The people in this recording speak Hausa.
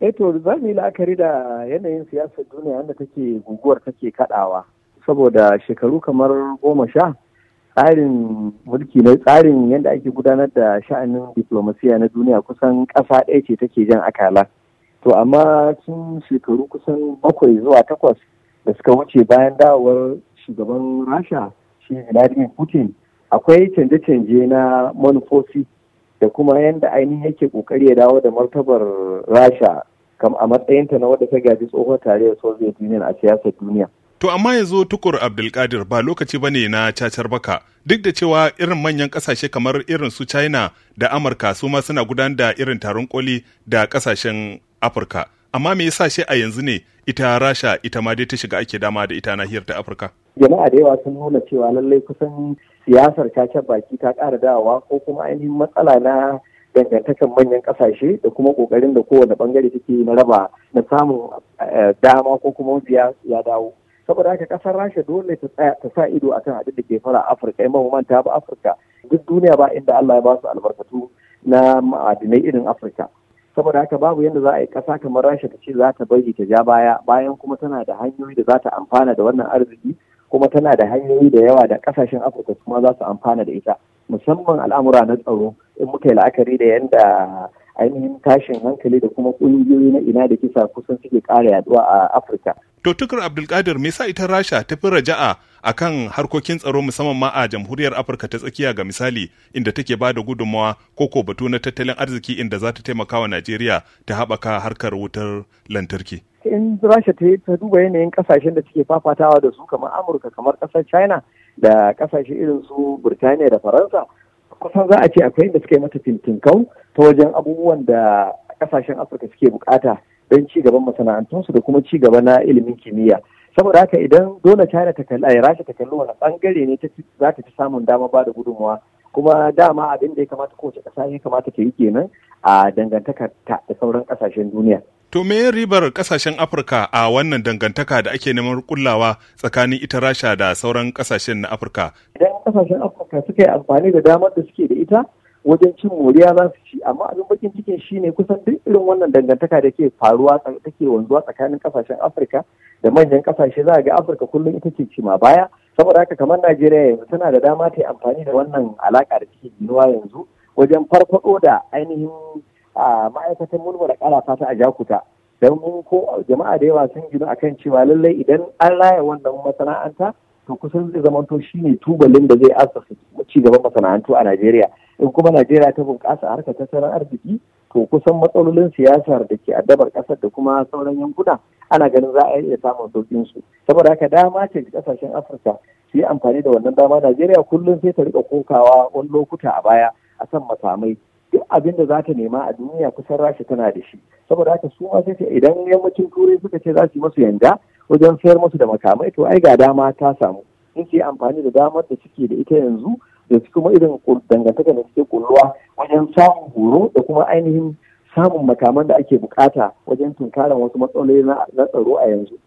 eh to za mu yi la'akari da yanayin siyasar duniya yadda take guguwar take kaɗawa saboda shekaru kamar goma sha tsarin mulki na tsarin yadda ake gudanar da sha'anin diplomasiya na duniya kusan ƙasa ɗaya ce take jan akala to amma sun shekaru kusan bakwai zuwa takwas da suka wuce bayan dawowar shugaban rasha shi vladimir putin akwai canje-canje na manufofi da kuma yadda ainihin yake kokari ya dawo da martabar rasha kam a matsayinta na wadda ta gaji tsohon tarayyar soviet union a siyasar duniya to amma yanzu tukur abdulkadir ba lokaci bane na cacar baka duk da cewa irin manyan kasashe kamar irin su china da amurka su ma suna gudanar da irin taron koli da kasashen afirka amma me yasa shi a yanzu ne ita rasha ita ma dai ta shiga ake dama da ita nahiyar ta afirka jama'a da yawa sun nuna cewa lallai kusan siyasar cacar baki ta ƙara dawowa ko kuma ainihin matsala na dangantakan manyan ƙasashe da kuma ƙoƙarin da kowane bangare take na raba na samun eh, dama ko kuma biya ya dawo saboda haka ƙasar rasha dole ta sa ido akan haɗu da ke fara afirka in ba manta ba afirka duk duniya ba inda allah ya ba su albarkatu na ma'adinai irin afirka saboda haka babu yadda za a yi ƙasa kamar rasha ta ce za ta bari ta ja baya bayan kuma tana da hanyoyi da za ta amfana da wannan arziki kuma tana da hanyoyi da yawa da ƙasashen afirka kuma za su amfana da ita musamman al'amura na tsaro in muka yi la'akari da yadda ainihin tashin hankali da kuma ƙungiyoyi na ina da kisa kusan suke ƙara yaduwa a afirka To tukar Abdulkadir me yasa ita Rasha ta fi raja'a akan harkokin tsaro musamman ma a jamhuriyar Afirka ta tsakiya ga misali inda take ba da gudunmawa ko ko batu na tattalin arziki inda za ta taimaka wa Najeriya ta haɓaka harkar wutar lantarki. In Rasha ta duba yanayin kasashen da suke fafatawa da su kamar Amurka kamar kasar China da kasashe irin su Birtaniya da Faransa kusan za a ce akwai inda suka yi mata fintinkau ta wajen abubuwan da kasashen Afirka suke bukata don ci gaban masana'antunsu da kuma ci gaba na ilimin kimiyya saboda haka idan dole china ta kalli ai rasha ta kalli wani bangare ne za ta fi samun dama ba da gudunmawa kuma dama abin da ya kamata kowace ƙasa ya kamata ta yi kenan a dangantaka ta da sauran ƙasashen duniya To me ribar kasashen Afirka a wannan dangantaka da ake neman kullawa tsakanin ita Rasha da sauran kasashen na Afirka? Idan kasashen Afirka suka yi amfani da damar da suke da ita, wajen cin moriya za su ci amma abin bakin cikin shine kusan duk irin wannan dangantaka da ke faruwa take wanzuwa tsakanin kasashen afirka da manyan kasashe za a ga afirka kullum ita ce ma baya saboda haka kamar najeriya yanzu tana da dama ta yi amfani da wannan alaka da take ginuwa yanzu wajen farfado da ainihin ma'aikatan mulmula karafa fata a jakuta don mun ko jama'a da yawa sun gino akan cewa lallai idan an raya wannan masana'anta to kusan zai zamanto shine tubalin da zai asasa ci gaban masana'antu a najeriya in kuma najeriya ta bunƙasa harkar tattalin arziki to kusan matsalolin siyasar da ke addabar ƙasar da kuma sauran yankuna ana ganin za a iya samun sauƙin su saboda haka dama ce kasashen ƙasashen afirka su yi amfani da wannan dama najeriya kullum sai ta riƙa kokawa wani lokuta a baya a san makamai duk abin da za ta nema a duniya kusan rashi tana da shi saboda haka su ma sai idan yammacin turai suka ce za su yi masu yanda wajen sayar musu da makamai to ai ga dama ta samu in ke amfani da damar da suke da ita yanzu da kuma irin dangantaka da suke kulluwa wajen samun horo da kuma ainihin samun makaman da ake bukata wajen tunkaran wasu matsaloli na tsaro a yanzu